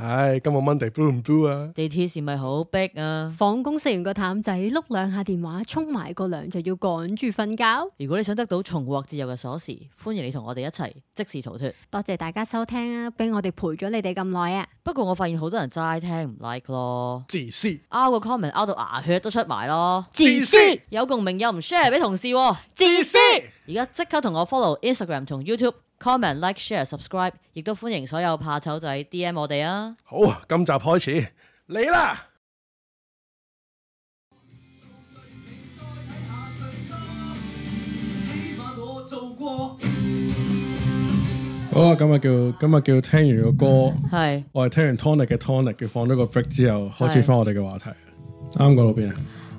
唉、哎，今日 Monday blue 唔 blue 啊？地鐵係咪好逼啊？放工食完個淡仔，碌兩下電話，沖埋個涼就要趕住瞓覺。如果你想得到重獲自由嘅鎖匙，歡迎你同我哋一齊即時逃脫。多謝大家收聽啊，俾我哋陪咗你哋咁耐啊！不過我發現好多人齋聽唔 like 咯，自私。拗個 comment 拗到牙血都出埋咯，自私。有共鳴又唔 share 俾 同事，自私。而家即刻同我 follow Instagram 同 YouTube。Comment、Like、Share、Subscribe，亦都歡迎所有怕醜仔 DM 我哋啊！好，今集開始嚟啦！哦，今日叫今日叫聽完個歌，係我係聽完 Tony 嘅 Tony，佢放咗個 break 之後，開始返我哋嘅話題。啱講到邊啊？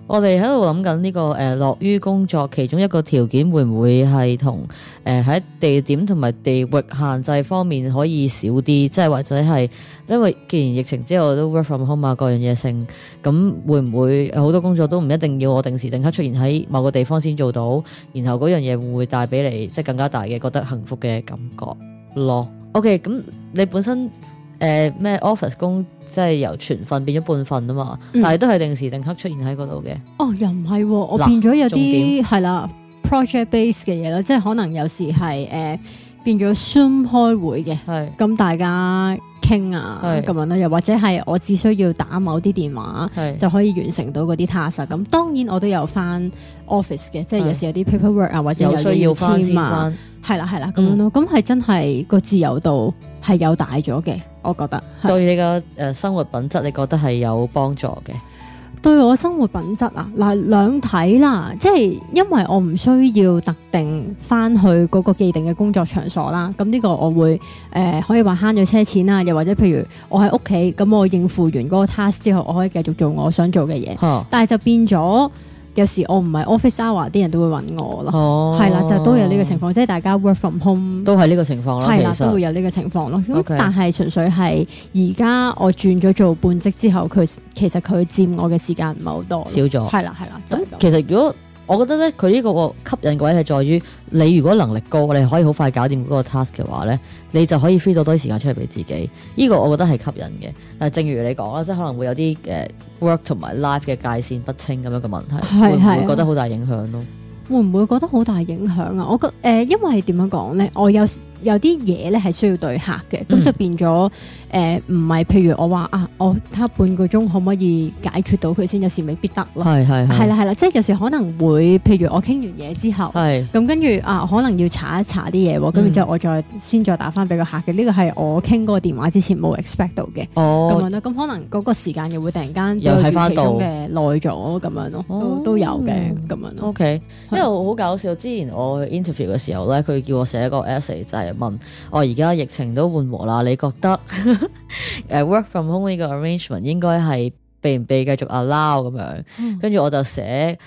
我哋喺度諗緊呢個誒樂、呃、於工作，其中一個條件會唔會係同喺、呃、地點同埋地域限制方面可以少啲，即係或者係因為既然疫情之後都 work from home 各樣嘢盛，咁會唔會好多工作都唔一定要我定時定刻出現喺某個地方先做到，然後嗰樣嘢會唔會帶俾你即更加大嘅覺得幸福嘅感覺咯？OK，咁你本身。誒，咩 office 工即係由全份變咗半份啊嘛，但係都係定時定刻出現喺嗰度嘅。哦，又唔係，我變咗有啲係啦，project base 嘅嘢啦，即係可能有時係誒變咗 zoom 開會嘅，咁大家傾啊咁樣咧，又或者係我只需要打某啲電話就可以完成到嗰啲 task 咁。當然我都有返 office 嘅，即係有時有啲 paperwork 啊，或者有需要翻，係啦係啦咁樣咯。咁係真係個自由度。係有大咗嘅，我覺得對你個誒生活品質，你覺得係有幫助嘅。對我生活品質啊，嗱兩睇啦，即係因為我唔需要特定翻去嗰個既定嘅工作場所啦。咁呢個我會誒、呃、可以話慳咗車錢啦，又或者譬如我喺屋企，咁我應付完嗰個 task 之後，我可以繼續做我想做嘅嘢。呵但係就變咗。有時我唔係 office hour 啲人都會揾我咯，係啦、oh.，就都有呢個情況，即係大家 work from home 都係呢個情況咯，係啦，都會有呢個情況咯。咁 Okay. 但係純粹係而家我轉咗做半職之後，佢其實佢佔我嘅時間唔係好多，少咗了，係啦係啦。咁、就是、其實如果我覺得咧，佢呢個吸引嘅位係在於，你如果能力高，你可以好快搞掂嗰個 task 嘅話咧，你就可以 free 到多啲時間出嚟俾自己。呢、這個我覺得係吸引嘅。但係正如你講啦，即係可能會有啲誒 work 同埋 life 嘅界線不清咁樣嘅問題，的會唔會覺得好大影響咯？會唔會覺得好大影響啊？我覺誒、呃，因為點樣講咧，我有。有啲嘢咧係需要對客嘅，咁、嗯、就變咗誒，唔、呃、係譬如我話啊，我睇下半個鐘可唔可以解決到佢先？有時未必得咯，係係係啦係啦，啊、即係有時可能會譬如我傾完嘢之後，係咁跟住啊，可能要查一查啲嘢喎，咁、嗯、然之後我再先再打翻俾、這個客嘅，呢個係我傾嗰個電話之前冇 expect 到嘅，哦咁樣啦，咁可能嗰個時間又會突然間又喺翻度耐咗咁樣咯、哦，都有嘅咁樣。O okay , K，因為好搞笑，之前我 interview 嘅時候咧，佢叫我寫一個 essay 就係問我而家疫情都緩和啦，你覺得誒 work from home 呢個 arrangement 應該係畀唔畀繼續 allow 咁樣？跟住我就寫。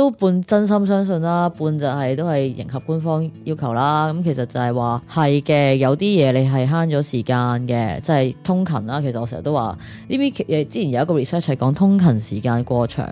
都半真心相信啦，半就係、是、都係迎合官方要求啦。咁其實就係話係嘅，有啲嘢你係慳咗時間嘅，即係通勤啦。其實我成日都話呢邊，誒之前有一個 research 係講通勤時間過長，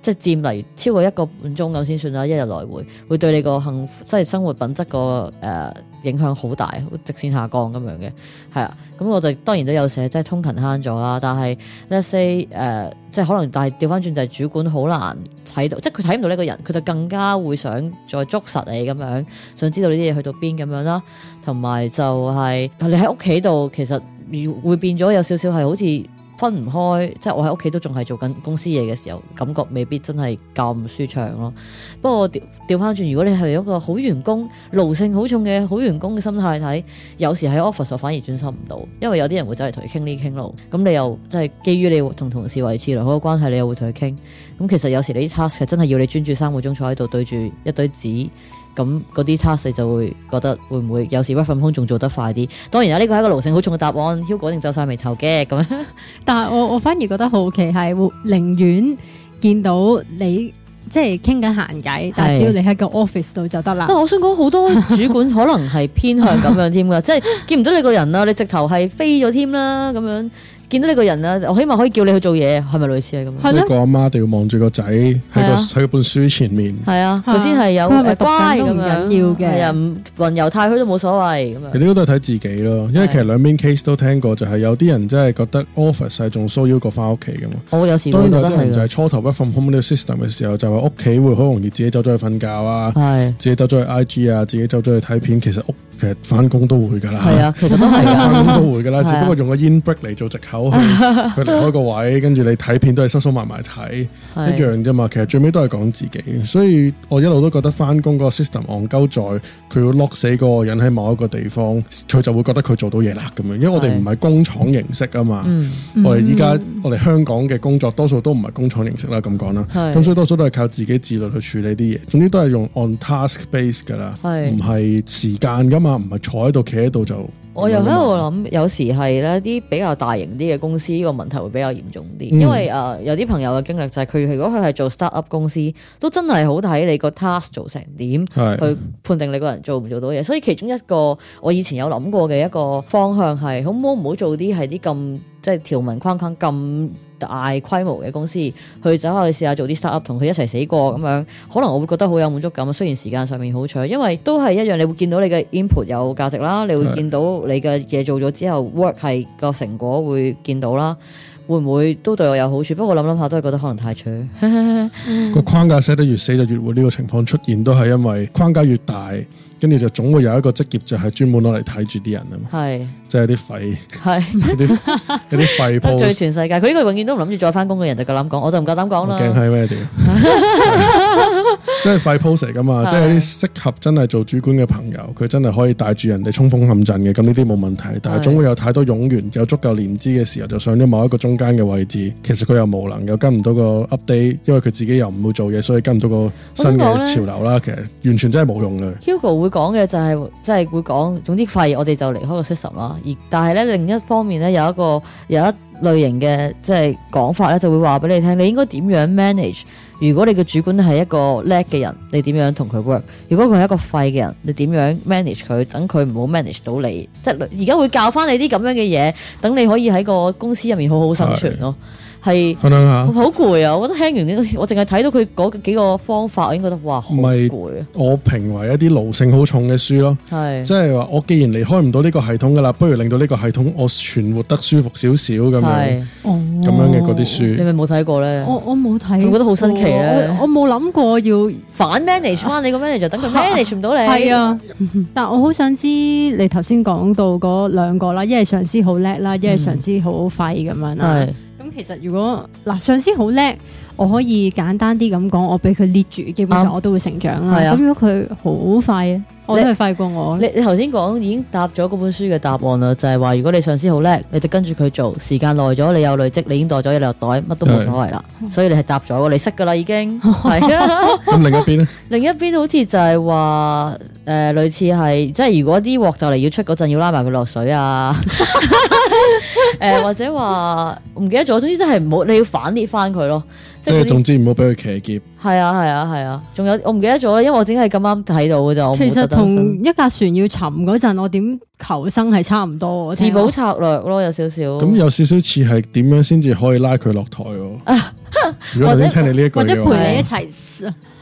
即係佔嚟超過一個半鐘咁先算啦，一日來回會對你個幸福即係生活品質個誒影響好大，直線下降咁樣嘅。係啊，咁我就當然都有寫，即係通勤慳咗啦，但係 let's say 誒、呃。即係可能，但係調翻轉就係主管好難睇到，即係佢睇唔到呢個人，佢就更加會想再捉實你咁樣，想知道呢啲嘢去到邊咁樣啦。同埋就係、是、你喺屋企度，其實會變咗有少少係好似分唔開，即係我喺屋企都仲係做緊公司嘢嘅時候，感覺未必真係咁舒暢咯。不過調返轉，如果你係一個好員工，勞性好重嘅好員工嘅心態睇，有時喺 office 反而專心唔到，因為有啲人會走嚟同你傾呢傾路，咁你又即係基於你同同事維持良好嘅關係，你又會同佢傾。咁其實有時你啲 task 係真係要你專注三個鐘坐喺度對住一堆紙，咁嗰啲 task 你就會覺得會唔會有時 work from home 仲做得快啲。當然啦，呢個係一個勞性好重嘅答案，Hugo 定皺晒眉頭嘅咁。但係我我反而覺得好奇係，寧願見到你。即係傾緊閒偈，但係只要你喺個 office 度就得啦。我想講，好多主管可能係偏向咁樣添噶， 即係見唔到你個人啦，你直頭係飛咗添啦，咁樣。見到你個人啦，我希望可以叫你去做嘢，係咪類似係咁啊？個阿媽就要望住個仔喺個喺本書前面。係啊，佢先係有乖咁緊要嘅。係啊，雲遊太虛都冇所謂咁啊。呢個都係睇自己咯，因為其實兩邊 case 都聽過，就係有啲人真係覺得 office 係仲舒服過翻屋企咁嘛。我有時當然就係初頭不放 home 呢個 system 嘅時候，就話屋企會好容易自己走咗去瞓覺啊，自己走咗去 IG 啊，自己走咗去睇片。其實屋其實翻工都會㗎啦。係啊，其實都係翻工都會㗎啦，只不過用個 in break 嚟做藉口。走 去佢離開個位，跟住你睇片都係收收埋埋睇，一是樣啫嘛。其實最尾都係講自己，所以我一路都覺得返工個 system 戇鳩在，佢要 lock 死嗰個人喺某一個地方，佢就會覺得佢做到嘢啦咁樣。因為我哋唔係工廠形式啊嘛，是我哋依家我哋香港嘅工作多數都唔係工廠形式啦，咁講啦。咁是所以多數都係靠自己自律去處理啲嘢。總之都係用 on task base 噶啦，唔係是時間噶嘛，唔係坐喺度企喺度就。我又喺度諗，有時係咧啲比較大型啲嘅公司，呢個問題會比較嚴重啲，嗯、因為誒有啲朋友嘅經歷就係佢如果佢係做 start-up 公司，都真係好睇你個 task 做成點，是 去判定你個人做唔做到嘢。所以其中一個我以前有諗過嘅一個方向係，可唔可以唔好做啲係啲咁即係條文框框咁。大規模嘅公司去走去試下做啲 start up，同佢一齊死過咁樣，可能我會覺得好有滿足感。雖然時間上面好長，因為都係一樣，你會見到你嘅 input 有價值啦，你會見到你嘅嘢做咗之後 work 係個成果會見到啦。會唔會都對我有好處？不過諗諗下都係覺得可能太脆。個 框架 set 得越死就越會呢、呢個情況出現，都係因為框架越大，跟住就總會有一個職業就係專門攞嚟睇住啲人啊嘛。係是，即係啲廢，係是，啲啲廢鋪。得罪全世界，佢呢 個永遠都唔諗住再翻工嘅人就夠膽講，我就唔夠膽講啦。驚係咩？即係廢 pose 噶嘛，的即係啲適合真係做主管嘅朋友，佢真係可以帶住人哋衝鋒陷陣嘅，咁呢啲冇問題。但係總會有太多冗員，的有足夠年資嘅時候就上咗某一個中間嘅位置，其實佢又無能，又跟唔到個 update，因為佢自己又唔會做嘢，所以跟唔到個新嘅潮流啦。其實完全真係冇用嘅。Hugo 會講嘅就係、是，即、就、係、是、會講，總之廢，我哋就離開個 system 啦。而但係咧，另一方面咧，有一個有一個。類型嘅即係講法咧，就會話俾你聽，你應該點樣 manage？如果你嘅主管係一個叻嘅人，你點樣同佢 work？如果佢係一個廢嘅人，你點樣 manage 佢？等佢唔好 manage 到你，即係而家會教翻你啲咁樣嘅嘢，等你可以喺個公司入面好好生存咯。係分享下，好攰啊！我覺得聽完呢，我淨係睇到佢嗰幾個方法，我應該覺得哇，好攰啊！我評為一啲奴性好重嘅書咯，係即係話我既然離開唔到呢個系統噶啦，不如令到呢個系統我存活得舒服少少咁樣，咁樣嘅嗰啲書，你咪冇睇過咧？我我冇睇，我覺得好新奇啊！我冇諗過要反 manage 翻你個 manager，就等佢 manage 唔到你，係啊！但我好想知你頭先講到嗰兩個啦，一係上司好叻啦，一係上司好廢咁樣啦。咁其實如果嗱，上司好叻，我可以簡單啲咁講，我俾佢捏住，基本上我都會成長啦。咁對如果佢好快，你我都係快過我你。你你頭先講已經答咗嗰本書嘅答案啦，就係、是、話，如果你上司好叻，你就跟住佢做，時間耐咗，你有累積，你已經袋咗一兩袋，乜都冇所謂啦。對所以你係答咗，你識㗎啦已經。係咁另一邊咧？另一邊好似就係話，誒、呃、類似係，即係如果啲鑊就嚟要出嗰陣，要拉埋佢落水啊！ 誒，或者話唔記得咗，總之真係唔好，你要反 manage 返佢咯。即係總之唔好俾佢騎劫。係啊係啊係啊，仲有我唔記得咗，因為我只係咁啱睇到嘅就。其實同一架船要沉嗰陣，我點求生係差唔多，自保策略咯，有少少。咁有少少似係點樣先至可以拉佢落台哦。如果聽你呢句，或者陪你一齊，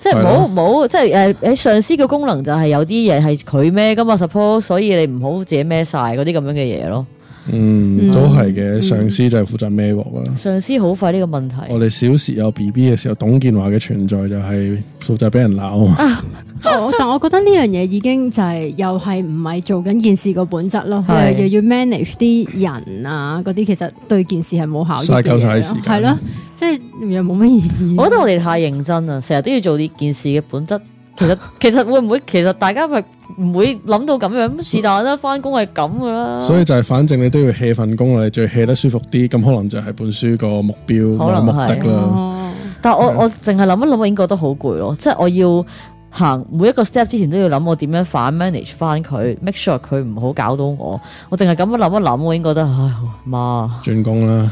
即係唔好唔好，即係誒上司嘅功能就係有啲嘢係佢孭㗎嘛，Suppose，所以你唔好自己孭晒嗰啲咁樣嘅嘢咯。嗯，嗯都係嘅。嗯、上司就係負責孭鑊啦？上司好快呢個問題。我哋小時有 B B 嘅時候，董建華嘅存在就係負責俾人鬧、啊 哦。但我覺得呢樣嘢已經就係、是、又係唔係做緊件事個本質咯，又是又要 manage 啲人啊，嗰啲其實對件事係冇考慮嘅。晒夠晒時間係咯，即係又冇乜意義。我覺得我哋太認真啦，成日都要做啲件事嘅本質。其實其實會唔會其實大家咪唔會諗到咁樣？是但啦，翻工係咁噶啦。所以就係反正你都要 hea 份工，你最 hea 得舒服啲，咁可能就係本書個目標可能目的啦。嗯、但係我是我淨係諗一諗，我已經覺得好攰咯，即、就、係、是、我要。行每一個 step 之前都要諗我點樣反 manage 翻佢，make sure 佢唔好搞到我。我淨係咁樣諗一諗，我已經覺得唉媽，轉工啦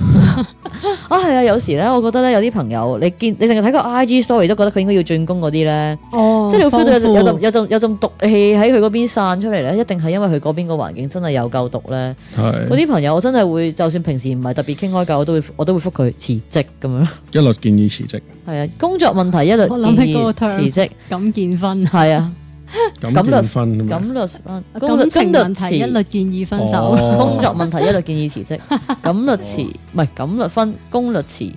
啊係啊，有時咧，我覺得咧有啲朋友，你見你淨係睇個 IG story 都覺得佢應該要轉工嗰啲咧，哦，即係你 feel 到有陣富有陣有陣有陣毒氣喺佢嗰邊散出嚟咧，一定係因為佢嗰邊個環境真係有夠毒咧。嗰啲是朋友，我真係會就算平時唔係特別傾開偈，我都會我都會覆佢辭職咁樣，一律建議辭職。係 啊，工作問題一律，建議辭職咁建。 分係啊，感情分，感律分，感情問題一律建議分手，哦、工作問題一律建議辭職。感律辭唔係感律分，公律辭，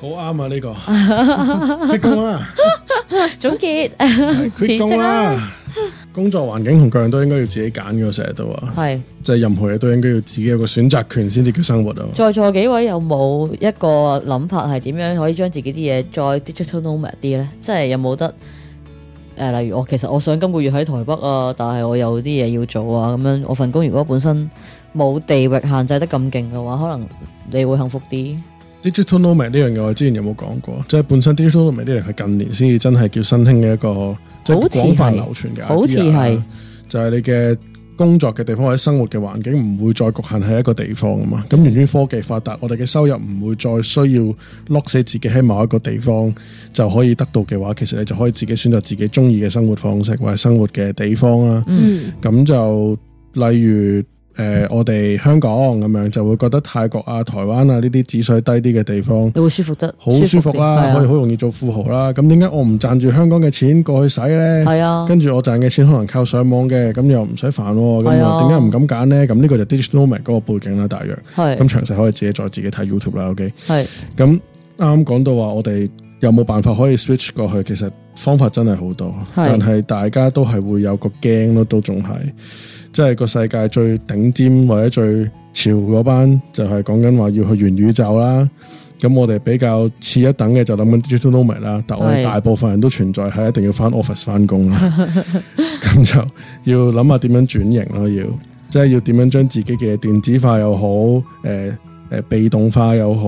好啱、哦、 啊！呢個，激公啊！總結，激公啊！啊工作環境同各樣都應該要自己揀嘅，成日都話，即係是任何嘢都應該要自己有個選擇權先至叫生活啊。在座幾位有冇一個諗法係點樣可以將自己啲嘢再 digital nomad 啲咧？即係、就是、有冇得？誒，例如我其實我想今個月喺台北啊，但係我有啲嘢要做啊，咁樣我份工如果本身冇地域限制得咁勁嘅話，可能你會幸福啲。digital nomad 呢樣嘢我之前有冇講過？即係本身 digital nomad 呢樣嘢係近年先至真係叫新興嘅一個，好即係廣泛流傳嘅。好似係，就係你嘅。工作嘅地方或者生活嘅環境唔會再局限喺一個地方啊嘛，咁由於科技發達，我哋嘅收入唔會再需要 lock 死自己喺某一個地方就可以得到嘅話，其實你就可以自己選擇自己中意嘅生活方式或者生活嘅地方啦。嗯、咁、就例如。誒、呃，我哋香港咁樣就會覺得泰國啊、台灣啊呢啲指水低啲嘅地方，你會舒服得好舒服啦，的可以好容易做富豪啦。咁點解我唔賺住香港嘅錢過去使咧？係啊的，跟住我賺嘅錢可能靠上網嘅，咁又唔使煩。係啊的，點解唔敢揀咧？咁呢個就 digital nomad 嗰個背景啦，大約係。咁詳細可以自己再自己睇 YouTube 啦。OK，係的。咁啱講到話我哋。有冇辦法可以 switch 過去？其實方法真係好多，是但係大家都係會有個驚咯，都仲係，即係個世界最頂尖或者最潮嗰班，就係講緊話要去元宇宙啦。咁我哋比較次一等嘅就諗緊 digital nomad 啦，但我哋大部分人都存在係一定要翻 office 翻工啦，咁是 就要諗下點樣轉型咯，要即係要點樣將自己嘅電子化又好，誒、呃。誒、呃、被動化又好，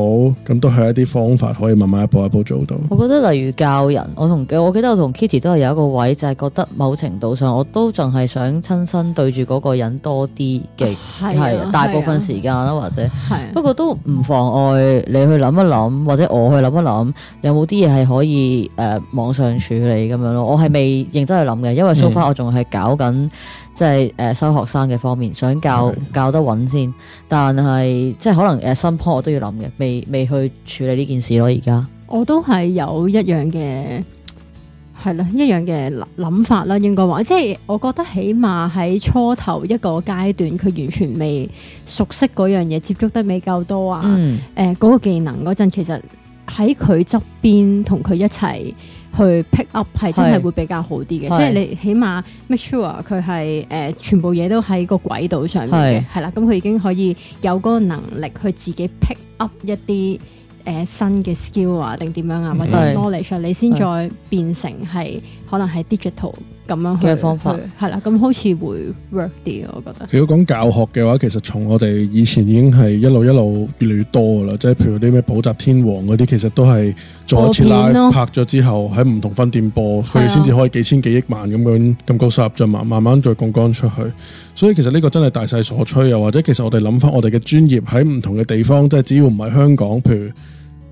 咁都係一啲方法可以慢慢一步一步做到。我覺得例如教人，我同我記得我同 Kitty 都係有一個位，就係、是、覺得某程度上，我都仲係想親身對住嗰個人多啲嘅，係、啊、大部分時間啦，啊、或者、啊、不過都唔妨礙你去諗一諗，或者我去諗一諗有冇啲嘢係可以誒、呃、網上處理咁樣咯。我係未認真去諗嘅，因為 so far、嗯、我仲係搞緊。即係誒、呃、收學生嘅方面，想教教得穩先，但係即係可能誒、呃、新鋪我都要諗嘅，未未去處理呢件事咯，而家我都係有一樣嘅係啦，一樣嘅諗法啦，應該話即係我覺得起碼喺初頭一個階段，佢完全未熟悉嗰樣嘢，接觸得未夠多啊，誒嗰、嗯呃嗰個技能嗰陣，其實喺佢側邊同佢一齊。去 pick up 係真係會比較好啲嘅，是即係你起碼 make sure 佢係誒全部嘢都喺個軌道上面嘅，係啦是，咁佢已經可以有嗰個能力去自己 pick up 一啲誒、呃、新嘅 skill 啊，定點樣啊，或者 knowledge，是你先再變成係的可能係 digital。咁樣嘅方法係啦，咁好似會 work 啲，我覺得。如果講教學嘅話，其實從我哋以前已經係一路一路越嚟越多噶啦，即係譬如啲咩補習天王嗰啲，其實都係做一次拉拍咗之後，喺唔同分店播，佢哋先至可以幾千幾億萬咁樣咁高收入，就慢慢慢再槓杆出去。所以其實呢個真係大勢所趨，又或者其實我哋諗翻我哋嘅專業喺唔同嘅地方，即係只要唔係香港，譬如。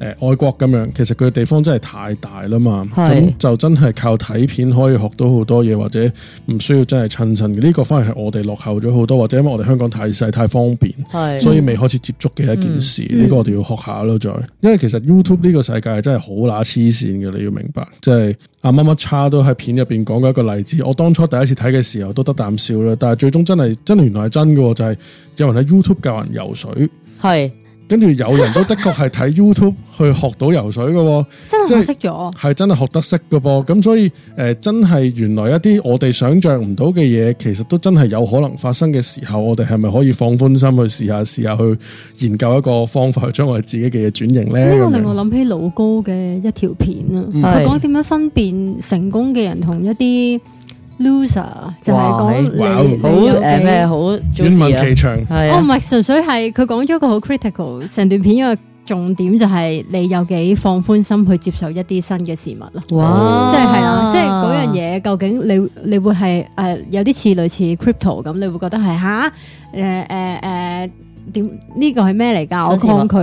誒、呃，外國咁樣，其實佢地方真係太大啦嘛，咁是就真係靠睇片可以學到好多嘢，或者唔需要真係親身。嘅、這、呢個，反而係我哋落後咗好多，或者因為我哋香港太細太方便，是所以未開始接觸嘅一件事，呢、嗯嗯、個我哋要學下咯，再，因為其實 YouTube 呢個世界真係好乸黐線嘅，你要明白，即係阿乜乜叉都喺片入邊講過一個例子，我當初第一次睇嘅時候都得啖笑啦，但係最終真係真係原來係真㗎，就係、是、有人喺 YouTube 教人游水，係。跟住 有人都的確係睇 YouTube 去學到游水嘅、 呃，真係學識咗，係真係學得識嘅噃。咁所以誒，真係原來一啲我哋想象唔到嘅嘢，其實都真係有可能發生嘅時候，我哋係咪可以放寬心去試下試下去研究一個方法去將我哋自己嘅嘢轉型咧？呢、嗯、個令我諗起老高嘅一條片啊，佢講點樣分辨成功嘅人同一啲。loser 哇就係講好誒咩好，短問其長、啊。哦，唔係純粹係佢講咗個好 critical，成段片一個重點就係、是、你有幾放寬心去接受一啲新嘅事物啦。哇！即係係啦，即係嗰樣嘢究竟你你，你會係誒有啲似類似 crypto 咁，你會覺得係嚇誒誒誒。點呢個係咩嚟噶？我抗拒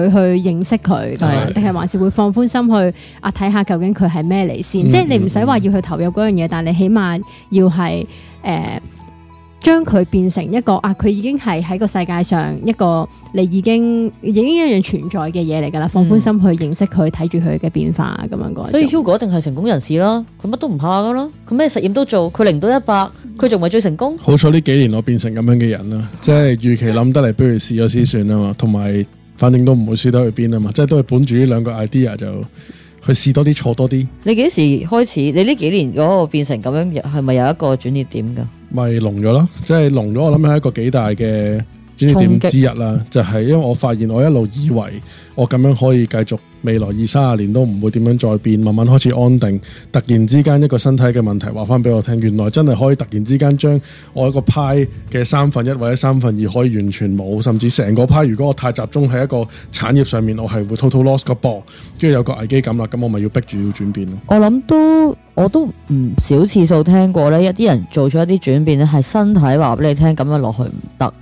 去認識佢，定係的還是會放寬心去啊？睇下究竟佢係咩嚟先？嗯嗯嗯，即係你唔使話要去投入嗰樣嘢，但你起碼要係誒。呃將佢變成一個啊，佢已經係喺個世界上一個你已經已經一樣存在嘅嘢嚟噶啦，放寬心去認識佢，睇住佢嘅變化咁樣個。嗯、種所以 Hugo 一定係成功人士啦，佢乜都唔怕噶啦，佢咩實驗都做，佢零到一百，佢仲係最成功。嗯、好彩呢幾年我變成咁樣嘅人啦，嗯、即係預期諗得嚟，不如試咗先算啊嘛。同埋，反正都唔會輸得去邊啊嘛。即係都係本住呢兩個 idea 就去試多啲，錯多啲。你幾時開始？你呢幾年嗰個變成咁樣，係咪有一個轉捩點噶？咪聾咗咯，即係聾咗，我諗係一個幾大嘅轉折點之一啦，就係、是、因為我發現我一路以為我咁樣可以繼續。未來二三十年都唔會點樣再變，慢慢開始安定。突然之間一個身體嘅問題，話翻俾我聽，原來真係可以突然之間將我一個派嘅三分一或者三分二可以完全冇，甚至成個派。如果我太集中喺一個產業上面，我係會 total loss 個波，跟住有個危機感啦。咁我咪要逼住要轉變咯。我諗都我都唔少次數聽過呢，一啲人做咗一啲轉變呢係身體話俾你聽咁樣落去唔得。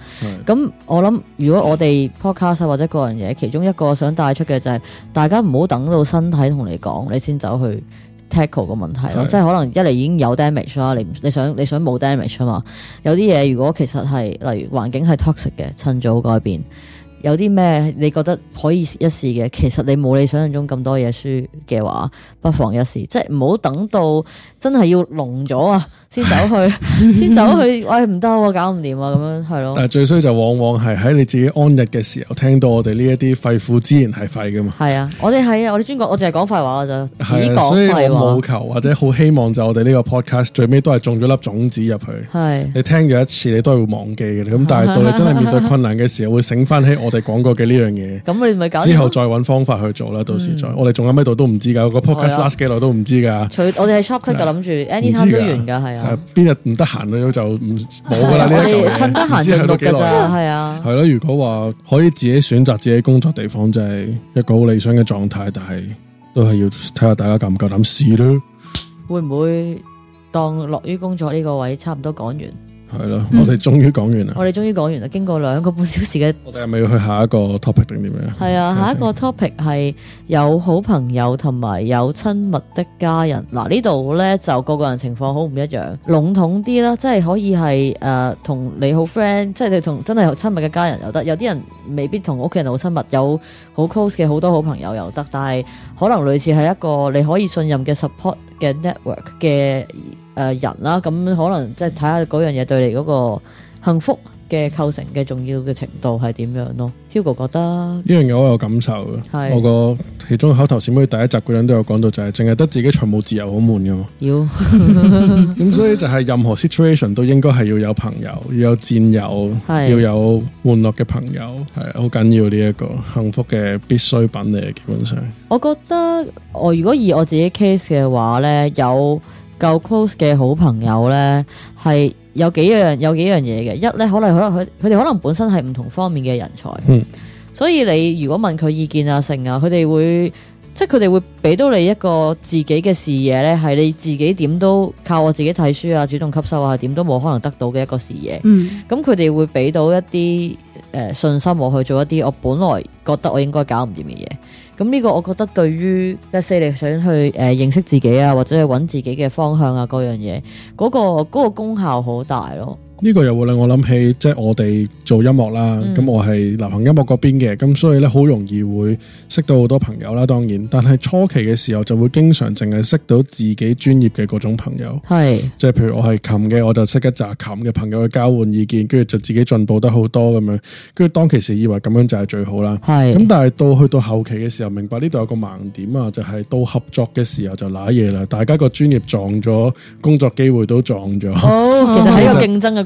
咁是的 我諗如果我哋 podcast 或者個人嘢，其中一個想帶出嘅就係、是，大家唔好等到身體同你講，你先走去 tackle 個問題咯。是的 即係可能一嚟已經有 damage 啦，你想你想你想冇 damage 啊嘛？有啲嘢如果其實係，例如環境係 toxic 嘅，趁早改變。有啲咩你覺得可以一試嘅？其實你冇你想象中咁多嘢輸嘅話，不妨一試，即係唔好等到真係要聾咗啊，先走去，先 走去，喂、哎，唔得，搞唔掂啊，咁樣係咯。但係最衰就往往係喺你自己安逸嘅時候，聽到我哋呢一啲肺腑之言自然係廢噶嘛。係啊，我哋係啊，我哋專講，我淨係講廢話我就。係啊，所以我冇求或者好希望就我哋呢個 podcast 最尾都係種咗粒種子入去。係的，你聽咗一次你都係會忘記嘅，咁但係到你真係面對困難嘅時候會醒翻起。我哋講過嘅呢樣嘢，咁你咪之後再揾方法去做啦。到時再，我哋仲喺咩度都唔知噶。個 Podcast last 幾耐都唔知噶。除我哋係 shop c 諗住 anytime 都完噶係啊。邊日唔得閒去就唔冇噶啦呢一度。趁得閒就錄噶咋，係啊。係咯，如果話可以自己選擇自己工作地方，就係一個好理想嘅狀態。但係都係要睇下大家夠唔夠膽試咯。會唔會當落於工作呢個位差唔多講完？係咯，嗯、我哋終於講完啦。我哋終於講完啦，經過兩個半小時嘅，我哋係咪要去下一個 topic 定點咩啊？係啊，下一個 topic 係有好朋友同埋有親密的家人。嗱、啊、呢度咧就個個人情況好唔一樣，籠統啲啦，即係可以係誒同你好 friend，即係你同真係親密嘅家人又得。有啲人未必同屋企人好親密，有好 close 嘅好多好朋友又得，但係可能類似係一個你可以信任嘅 support 嘅 network 嘅。誒、呃，人啦，咁、嗯、可能即係睇下嗰樣嘢對你嗰個幸福嘅構成嘅重要嘅程度係點樣咯。Hugo 覺得呢樣嘢我有感受嘅，係的我個其中口頭禪尾第一集嗰樣都有講到，就是，就係淨係得自己財務自由好悶噶嘛。要咁 所以就係任何 situation 都應該係要有朋友，要有戰友，的要有玩樂嘅朋友，係好緊要呢一，這個幸福嘅必需品嚟基本上。我覺得我如果以我自己 case 嘅話咧，有。夠 close 嘅好朋友呢，係有幾樣有幾樣嘢嘅。一呢，可能可能佢佢哋可能本身係唔同方面嘅人才。嗯，mm. 所以你如果問佢意見啊性啊，佢哋會即係佢哋會俾到你一個自己嘅視野呢，係你自己點都靠我自己睇書啊，主動吸收啊，點都冇可能得到嘅一個視野。咁佢哋會俾到一啲誒信心我去做一啲我本來覺得我應該搞唔掂嘅嘢。咁呢個我覺得對於一世人想去誒、呃、認識自己啊，或者去揾自己嘅方向啊，嗰樣嘢，嗰個嗰個功效好大咯。呢個又會令我諗起，即、就、係、是、我哋做音樂啦。咁、嗯、我係流行音樂嗰邊嘅，咁所以咧好容易會識到好多朋友啦。當然，但係初期嘅時候就會經常淨係識到自己專業嘅嗰種朋友，係即係譬如我係琴嘅，我就識一紮琴嘅朋友嘅交換意見，跟住就自己進步得好多咁樣。跟住當其時以為咁樣就係最好啦，係是。咁但係到去到後期嘅時候，明白呢度有個盲點啊，就係、是、到合作嘅時候就瀨嘢啦。大家個專業撞咗，工作機會都撞咗。哦、 其實喺個競爭嘅。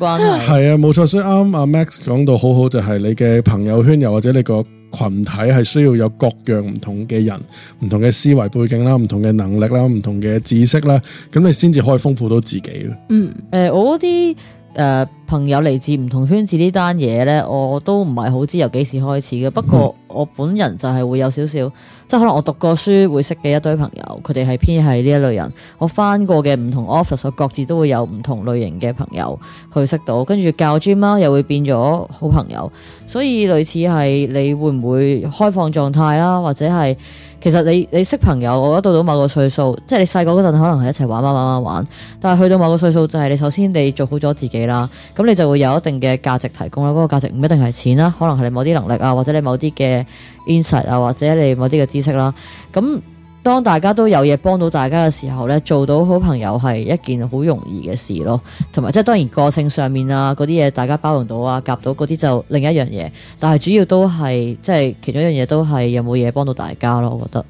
係啊，冇錯，所以啱啱阿 Max 講到好好，就係你嘅朋友圈又或者你個群體係需要有各樣唔同嘅人、唔同嘅思維背景啦、唔同嘅能力啦、唔同嘅知識啦，咁你先至可以豐富到自己咯。嗯，誒、呃，我啲。誒、呃，朋友嚟自唔同圈子呢單嘢呢，我都唔係好知由幾時開始嘅。不過我本人就係會有少少，即係可能我讀過書會識嘅一堆朋友，佢哋係偏係呢一類人。我翻過嘅唔同 office，我各自都會有唔同類型嘅朋友去識到，跟住教 gym 啦，又會變咗好朋友。所以類似係你會唔會開放狀態啦，或者係？其實你你識朋友，我覺得到到某個歲數，即係你細個嗰陣可能係一齊玩玩玩玩玩，但係去到某個歲數就係你首先你做好咗自己啦，咁你就會有一定嘅價值提供啦。嗰個價值唔一定係錢啦，可能係你某啲能力啊，或者你某啲嘅 insight 啊，或者你某啲嘅知識啦，咁。當大家都有嘢幫到大家嘅時候咧，做到好朋友係一件好容易嘅事咯，同埋即係當然個性上面啊，嗰啲嘢，大家包容到啊夾到嗰啲，就另一樣嘢，但係主要都係即係其中一樣嘢都係有冇嘢幫到大家咯，我覺得。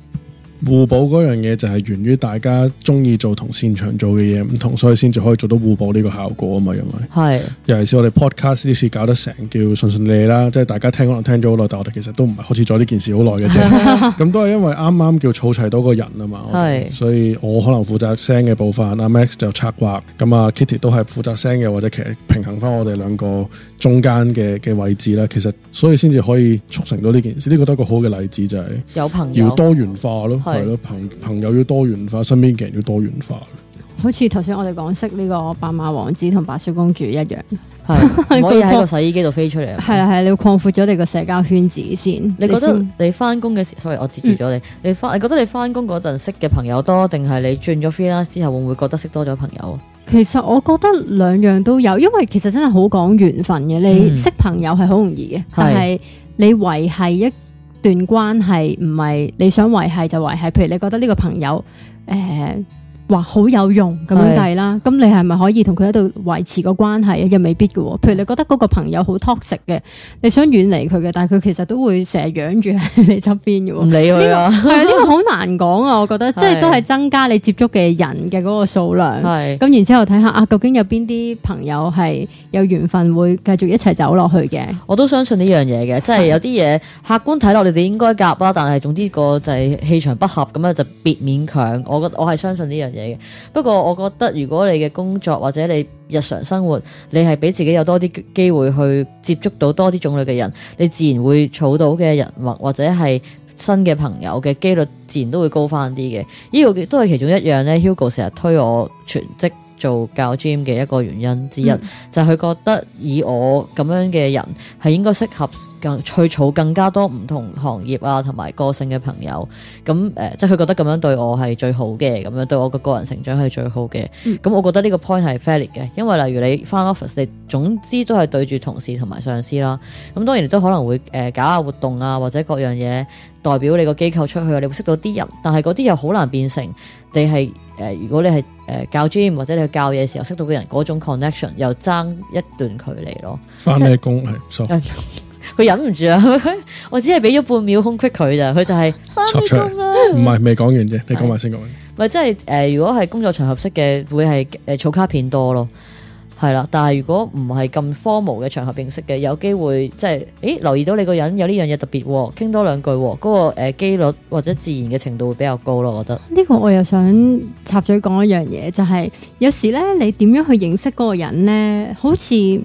互補嗰樣嘢，就係源於大家中意做同擅長做嘅嘢唔同，所以先至可以做到互補呢個效果啊嘛，因為係是尤其是我哋 podcast 呢啲事搞得成叫順順利啦，即係大家聽可能聽咗好耐，但我哋其實都唔係開始做呢件事好耐嘅啫，咁 都係因為啱啱叫儲齊到個人啊嘛，是所以我可能負責聲嘅部分，阿、啊、Max 就策劃，咁啊 Kitty 都係負責聲嘅或者其實平衡翻我哋兩個。中間嘅嘅位置啦，其實所以先至可以促成到呢件事，呢個都係一個好嘅例子。有朋友就係，要多元化咯，係，咯係，朋係朋友要多元化，係身邊嘅人要多元化。好似頭先我哋講識呢個白馬王子同白雪公主一樣， 可以喺個洗衣機度飛出嚟，係啊係啊，你要擴闊咗你個社交圈子先。你覺得你翻工嘅時，所以先我截住咗你。你翻、嗯，你覺得你翻工嗰陣識嘅朋友多，定係你轉咗 freelance 之後，會唔會覺得識多咗朋友啊？其實我覺得兩樣都有，因為其實真係好講緣分嘅。你識朋友係好容易嘅，嗯、但係你維繫一段關係，唔係你想維繫就維繫。譬如你覺得呢個朋友，誒、呃。話，好有用咁樣計啦，咁是你係咪可以同佢喺度維持個關係啊？又未必嘅、喎，譬如你覺得嗰個朋友好 toxic 嘅,你想遠離佢嘅，但係佢其實都會成日養住喺你側邊嘅，唔理佢咯。係啊，呢、呢個好、 呢個、難講啊，我覺得，是即係都係增加你接觸嘅人嘅嗰個數量。咁是，然之後睇下啊，究竟有邊啲朋友係有緣分會繼續一齊走落去嘅。我都相信呢樣嘢嘅，即係有啲嘢是客觀睇落，你哋應該夾啦，但係總之個就係氣場不合咁樣就別勉強。我覺我係相信呢樣嘢。不過我覺得，如果你嘅工作或者你日常生活，你係俾自己有多啲機會去接觸到多啲種類嘅人，你自然會儲到嘅人脈或者係新嘅朋友嘅幾率，自然都會高翻啲嘅。呢個都係其中一樣咧。Hugo 成日推我全職。做教 gym 嘅一個原因之一，嗯、就係佢覺得以我咁樣嘅人，係應該適合更去儲更加多唔同行業啊，同埋個性嘅朋友。咁誒即係佢覺得咁樣對我係最好嘅，咁樣對我個個人成長係最好嘅。咁、嗯嗯、我覺得呢個 point 係 valid 嘅，因為例如你翻 office，你總之都係對住同事同埋上司啦。咁當然你都可能會誒搞下活動啊，或者各樣嘢代表你個機構出去，你會識到啲人，但係嗰啲又好難變成你係。誒，如果你係誒教 gym 或者你去教嘢嘅時候，識到嘅人嗰種 connection 又爭一段距離咯。翻咩工嚟？佢忍唔住啊！我只係俾咗半秒空隙佢咋，佢就係翻咩唔係，未講完啫，你講埋先講完。唔係，即係誒，如果係工作場合識嘅，會係誒儲卡片多咯。係啦，但係如果唔係咁荒謬嘅場合認識嘅，有機會即係，誒，留意到你個人有呢樣嘢特別，傾多兩句，嗰個誒機率或者自然嘅程度會比較高咯，我覺得。呢個我又想插嘴講一樣嘢，就係有時咧，你點樣去認識嗰個人咧，好似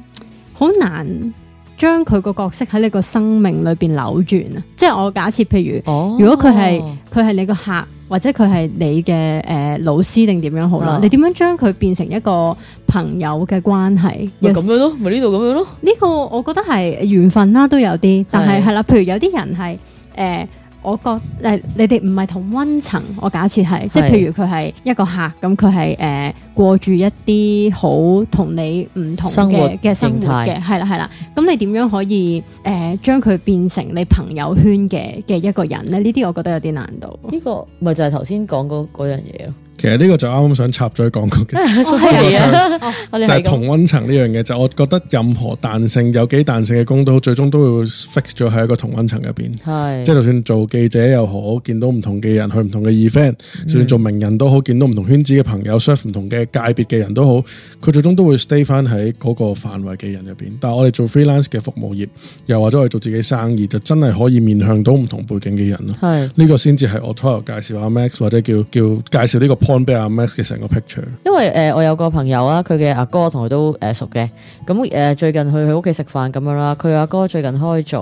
好難將佢個角色喺你個生命裏邊扭轉啊！即係我假設，譬如，哦，如果佢係佢係你個客。或者佢係你嘅誒、呃、老師定點樣好啦？哦、你點樣將佢變成一個朋友嘅關係？咪咁樣咯、啊，咪呢度咁樣咯、啊？呢個我覺得係緣分啦、啊，都有啲，但係係啦，譬如有啲人係誒。呃我覺誒，你哋唔係同溫層，我假設係，即係的譬如佢係一個客，咁佢係誒過住一啲好同你唔同嘅嘅生活嘅，係啦係啦。咁你點樣可以誒將佢變成你朋友圈嘅嘅一個人咧？呢啲我覺得有啲難度。呢個咪就係頭先講嗰嗰樣嘢咯。其實呢個就啱啱想插嘴講講嘅，就係同溫層呢樣嘢。 就我覺得任何彈性有幾彈性嘅工都，都最終都會 fix 咗喺一個同溫層入邊。即係是的 就算做記者又好，見到唔同嘅人去唔同嘅 event，、嗯、就算做名人都好，見到唔同圈子嘅朋友，serve 唔、嗯、同嘅界別嘅人都好，佢最終都會 stay 翻喺嗰個範圍嘅人入邊。但係我哋做 freelance 嘅服務業，又或者我哋做自己生意，就真係可以面向到唔同背景嘅人咯。呢是的 個先至係我開頭介紹阿 Max 或者叫叫，叫介紹呢、這個。看俾阿 Max 嘅成個 picture，因為誒我有個朋友啊，佢嘅阿哥同佢都誒熟嘅，咁誒最近去佢屋企食飯咁樣啦。佢阿哥哥最近開咗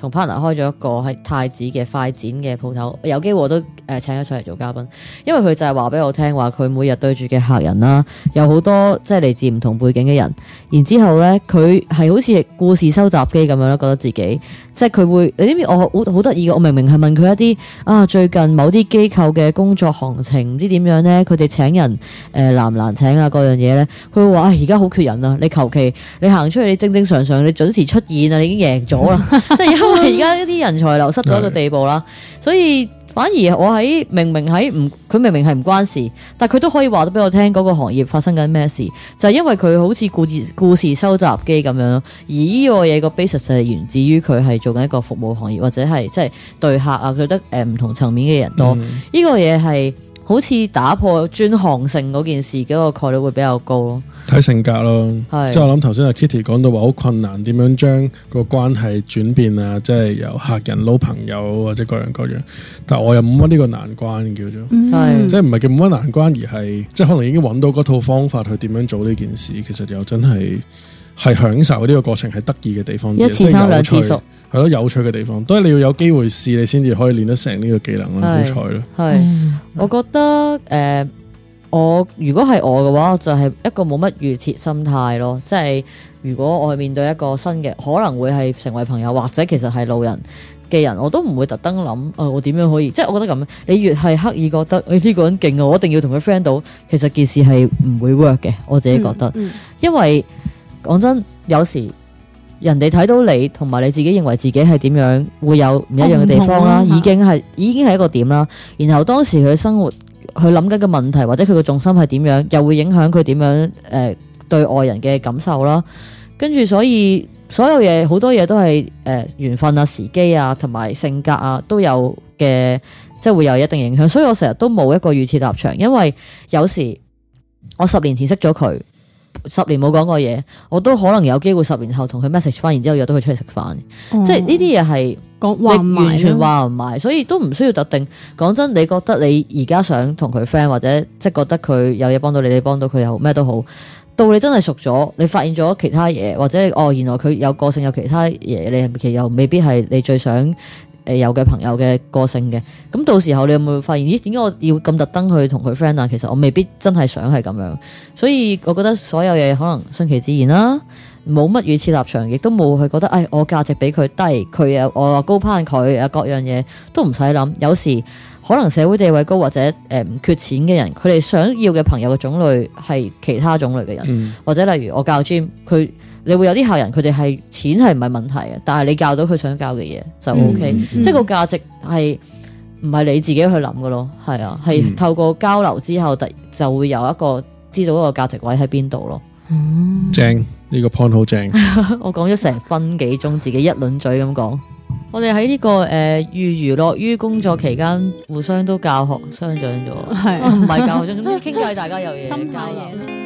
同 partner 開咗一個係太子嘅快剪嘅鋪頭，有機會我都誒請佢出嚟做嘉賓，因為佢就係話俾我聽話佢每日對住嘅客人啦，有好多即係嚟自唔同背景嘅人，然之後咧佢係好似故事收集機咁樣啦，覺得自己即係佢會，你知唔知我好好得意嘅？我明明係問佢一啲啊最近某啲機構嘅工作行情唔知點樣。佢哋請人誒、呃、難唔難請啊嗰樣嘢咧，佢會話而家好缺人啊！你求其你行出去，你正正常常，你準時出現啊，你已經贏咗啦！ 即係因為而家啲人才流失到一個地步啦，對 所以反而我喺明明喺唔，佢明明係唔關事，但佢都可以話得俾我聽嗰個行業發生緊咩事，就係、是、因為佢好似故事故事收集機咁樣咯。而呢個嘢個 basis 就係源自於佢係做緊一個服務行業或者係即係對客啊，佢覺得誒唔同層面嘅人多，呢、嗯、個嘢係。好似打破轉行性嗰件事嘅個概率會比較高咯，睇性格咯是，即係我諗頭先阿 Kitty 講到話好困難，點樣將個關係轉變啊，即係由客人撈朋友或者各樣各樣，但我又冇乜呢個難關是叫做，即係唔係叫乜難關，而係即係可能已經揾到嗰套方法去點樣做呢件事，其實又真係。係享受呢個過程，係得意嘅地方，一次生，兩次熟，係咯，有趣嘅地方，都係你要有機會試，你先至可以練得成呢個技能。好彩咯。係是，我覺得誒、呃，我如果係我嘅話，就係、是、一個冇乜預設心態咯。即係如果我面對一個新嘅，可能會係成為朋友，或者其實係路人嘅人，我都唔會特登諗誒，我點樣可以？即係我覺得咁，你越係刻意覺得誒呢、哎這個人勁啊，我一定要同佢 friend 到，其實件事係唔會 work 嘅。我自己覺得，的因為。講真，有時人哋睇到你，同埋你自己認為自己係點樣，會有唔一樣嘅地方啦，已經係已經係一個點啦。然後當時佢生活，佢諗緊嘅問題，或者佢個重心係點樣，又會影響佢點樣誒、呃、對外人嘅感受啦。跟住所以所有嘢，好多嘢都係誒緣分啊、時機啊，同埋性格啊都有嘅，即係會有一定影響。所以我成日都冇一個預設立場，因為有時我十年前識咗佢。十年冇講過嘢，我都可能有機會十年後同佢 message 翻，然之後約到佢出嚟食飯。嗯、即係呢啲嘢係，你完全話唔埋，所以都唔需要特定。講真，你覺得你而家想同佢 friend，或者即係覺得佢有嘢幫到你，你幫到佢又咩都好。到你真係熟咗，你發現咗其他嘢，或者哦，原來佢有個性，有其他嘢，你其實又未必係你最想。誒，有嘅朋友嘅個性嘅，咁到時候你有冇發現？咦，點解我要咁特登去同佢 friend 啊？其實我未必真係想係咁樣，所以我覺得所有嘢可能順其自然啦、啊，冇乜預設立場，亦都冇去覺得誒、哎，我價值比佢低，佢又我高攀佢啊，各樣嘢都唔使諗。有時可能社會地位高或者誒唔、呃、缺錢嘅人，佢哋想要嘅朋友嘅種類係其他種類嘅人，嗯、或者例如我教 gym 佢。你會有啲客人，佢哋係錢係唔係問題嘅，但係你教到佢想教嘅嘢就 OK，嗯嗯、即係個價值係唔係你自己去諗嘅咯？係啊，係透過交流之後，突就會有一個知道一個價值位喺邊度咯。正，呢個 point 好正。這個，正 我講咗成分幾鐘，自己一輪嘴咁講。 我哋喺呢個誒，寓娛樂於工作期間，互相都教學，相長咗。係唔係教學？傾偈 大家有嘢態